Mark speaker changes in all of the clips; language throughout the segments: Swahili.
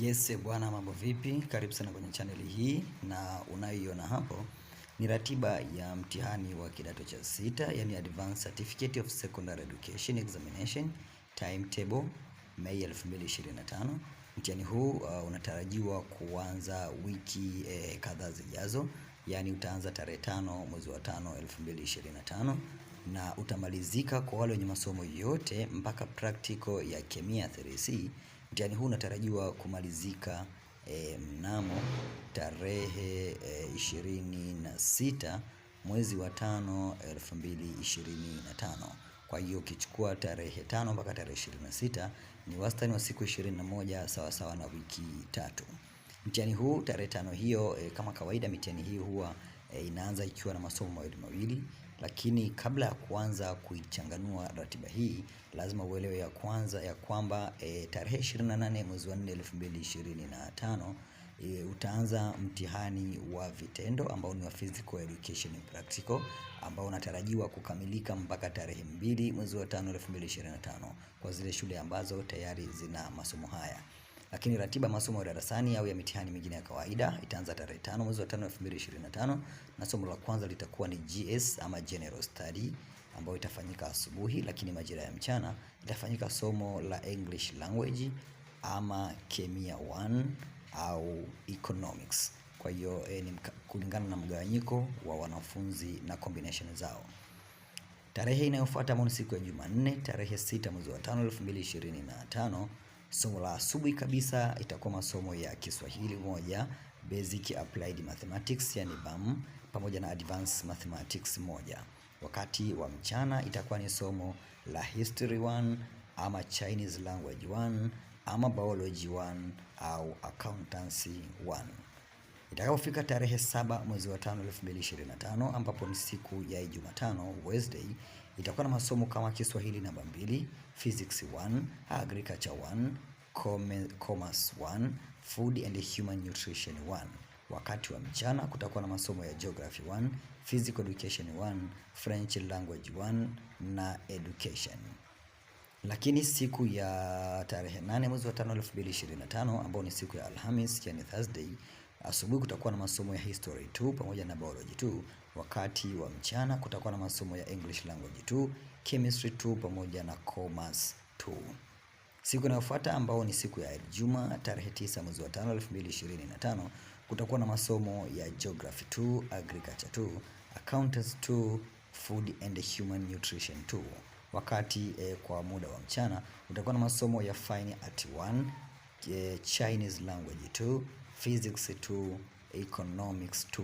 Speaker 1: Yes, bwana, mambo vipi? Karibu sana kwenye chaneli hii, na unayoiona hapo ni ratiba ya mtihani wa kidato cha sita, yani Advanced Certificate of Secondary Education Examination timetable Mei 2025. Mtihani huu uh, unatarajiwa kuanza wiki eh, kadhaa zijazo, yani utaanza tarehe tano mwezi wa tano 2025 na utamalizika kwa wale wenye masomo yote mpaka practical ya kemia 3C. Mtihani huu unatarajiwa kumalizika e, mnamo tarehe e, eh, 26 mwezi wa 5 2025. Kwa hiyo ukichukua tarehe tano mpaka tarehe 26 ni wastani wa siku 21 sawa sawa na wiki tatu. Mtihani huu tarehe tano hiyo e, kama kawaida mitihani hii huwa e, inaanza ikiwa na masomo mawili mawili lakini kabla ya kuanza kuichanganua ratiba hii, lazima uelewe ya kwanza ya kwamba e, tarehe 28 mwezi wa 4 2025 e, utaanza mtihani wa vitendo ambao ni wa Physical Education Practical ambao unatarajiwa kukamilika mpaka tarehe mbili mwezi wa 5 2025 kwa zile shule ambazo tayari zina masomo haya. Lakini ratiba masomo ya darasani au ya mitihani mingine ya kawaida itaanza tarehe tano mwezi wa tano elfu mbili ishirini na tano na somo la kwanza litakuwa ni GS ama General Study ambayo itafanyika asubuhi, lakini majira ya mchana itafanyika somo la English language ama kemia 1 au economics. Kwa hiyo e, ni kulingana na mgawanyiko wa wanafunzi na combination zao. Tarehe inayofuata ni siku ya Jumanne tarehe 6 mwezi wa 5 2025 Somo la asubuhi kabisa itakuwa masomo ya Kiswahili moja, Basic Applied Mathematics yani BAM, pamoja na Advanced Mathematics moja. Wakati wa mchana itakuwa ni somo la History 1 ama Chinese Language 1 ama Biology 1 au Accountancy 1 itakapofika tarehe saba mwezi wa tano tano ambapo ni siku ya Jumatano Wednesday, itakuwa na masomo kama Kiswahili namba mbili, Physics 1, Agriculture 1, Commerce 1, Food and Human Nutrition 1. Wakati wa mchana kutakuwa na masomo ya Geography 1, Physical Education 1, French Language 1 na Education lakini siku ya tarehe nane mwezi wa 5 2025 ambao ni siku ya Alhamis, yani Thursday Asubuhi kutakuwa na masomo ya history tu pamoja na biology tu. Wakati wa mchana kutakuwa na masomo ya English language tu, chemistry tu pamoja na commerce tu. Siku inayofuata ambao ni siku ya Ijumaa tarehe 9 mwezi wa 5 2025, kutakuwa na masomo ya geography tu, agriculture tu, accountants tu, food and human nutrition tu. Wakati eh, kwa muda wa mchana utakuwa na masomo ya fine art 1, eh, Chinese language tu physics 2, economics 2.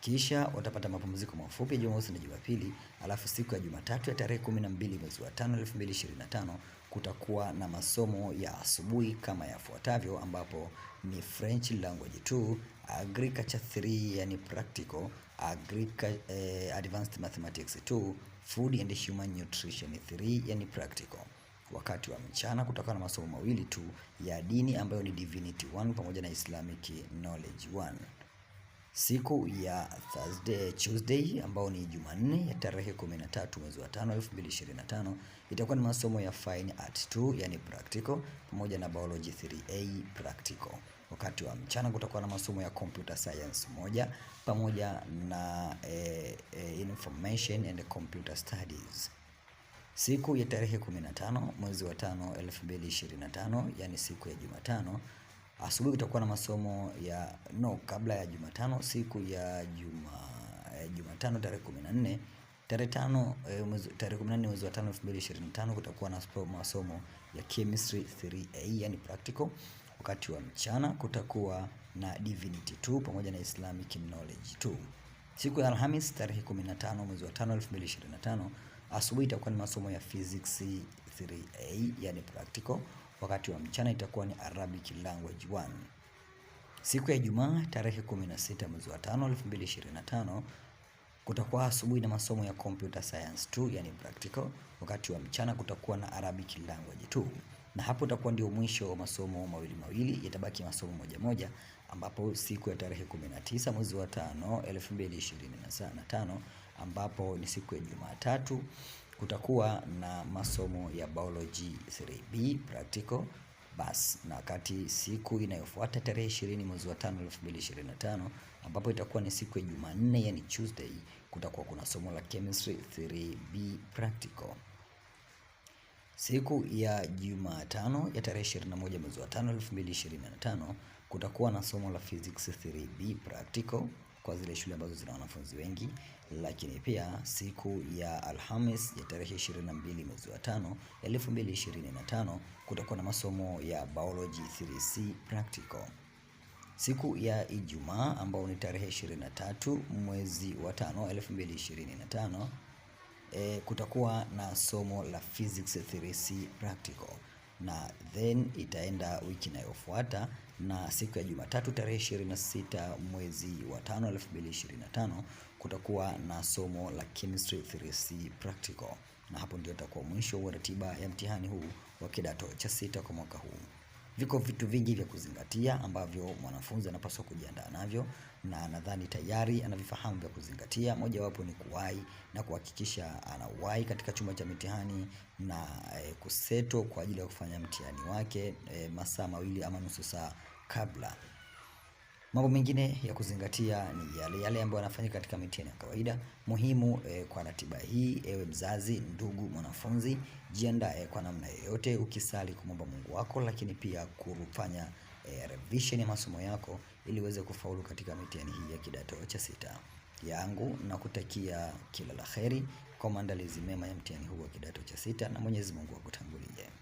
Speaker 1: Kisha utapata mapumziko mafupi Jumamosi na Jumapili, alafu siku ya Jumatatu ya tarehe 12 mwezi wa 5 2025 kutakuwa na masomo ya asubuhi kama yafuatavyo, ambapo ni French language 2, agriculture 3, yani practical agriculture, eh, advanced mathematics 2, food and human nutrition 3, yani practical wakati wa mchana kutokana na masomo mawili tu ya dini ambayo ni Divinity 1 pamoja na Islamic Knowledge 1. Siku ya Thursday, Tuesday ambao ni Jumanne ya tarehe 13 mwezi wa 5 2025 itakuwa ni masomo ya Fine Art 2 yani practical pamoja na Biology 3A practical. Wakati wa mchana kutakuwa na masomo ya Computer Science moja pamoja na eh, eh, Information and Computer Studies. Siku ya tarehe 15 mwezi wa 5 2025, yani siku ya Jumatano asubuhi kutakuwa na masomo ya no, kabla ya Jumatano, siku ya Juma, eh, Jumatano tarehe 14 tarehe tano eh, tarehe 14 mwezi wa tano 2025 kutakuwa na masomo ya chemistry 3A yani practical. Wakati wa mchana kutakuwa na divinity 2 pamoja na Islamic knowledge 2. Siku ya Alhamis tarehe 15 mwezi wa 5 2025, asubuhi itakuwa ni masomo ya physics 3A yani practical, wakati wa mchana itakuwa ni Arabic language 1. Siku ya Ijumaa tarehe 16 mwezi wa 5 2025, kutakuwa asubuhi na masomo ya computer science 2 yani practical, wakati wa mchana kutakuwa na Arabic language 2 na hapo itakuwa ndio mwisho wa masomo mawili mawili, yatabaki masomo moja moja ambapo siku ya tarehe 19 mwezi wa tano 2025 ambapo ni siku ya Jumatatu kutakuwa na masomo ya biology 3B practical bas na kati siku inayofuata tarehe 20 mwezi wa 5 2025, ambapo itakuwa ni siku ya Jumanne, yani Tuesday, kutakuwa kuna somo la chemistry 3B practical. Siku ya Jumatano ya tarehe 21 mwezi wa 5 2025, kutakuwa na somo la physics 3B practical kwa zile shule ambazo zina wanafunzi wengi, lakini pia siku ya Alhamis ya tarehe 22 mwezi wa 5 2025, kutakuwa na masomo ya biology 3C practical. Siku ya Ijumaa ambao ni tarehe 23 mwezi wa 5 2025 e, kutakuwa na somo la physics theory c practical na then itaenda wiki inayofuata na siku ya Jumatatu tarehe 26 mwezi wa 5 2025 kutakuwa na somo la chemistry theory c practical, na hapo ndio itakuwa mwisho wa ratiba ya mtihani huu wa kidato cha sita kwa mwaka huu. Viko vitu vingi vya kuzingatia ambavyo mwanafunzi anapaswa kujiandaa navyo, na nadhani tayari anavifahamu vya kuzingatia. Mojawapo ni kuwahi na kuhakikisha anawahi katika chumba cha mitihani na e, eh, kuseto kwa ajili ya kufanya mtihani wake e, masaa mawili ama nusu saa kabla. Mambo mengine ya kuzingatia ni yale yale ambayo yanafanyika katika mitihani ya kawaida muhimu eh, kwa ratiba hii. Ewe mzazi, ndugu, mwanafunzi, jiandae kwa namna yoyote, ukisali kumwomba Mungu wako, lakini pia kufanya eh, revision ya masomo yako ili uweze kufaulu katika mitihani hii ya kidato cha sita. Yangu na kutakia kila la heri kwa maandalizi mema ya mtihani huu wa kidato cha sita, na Mwenyezi Mungu akutangulie.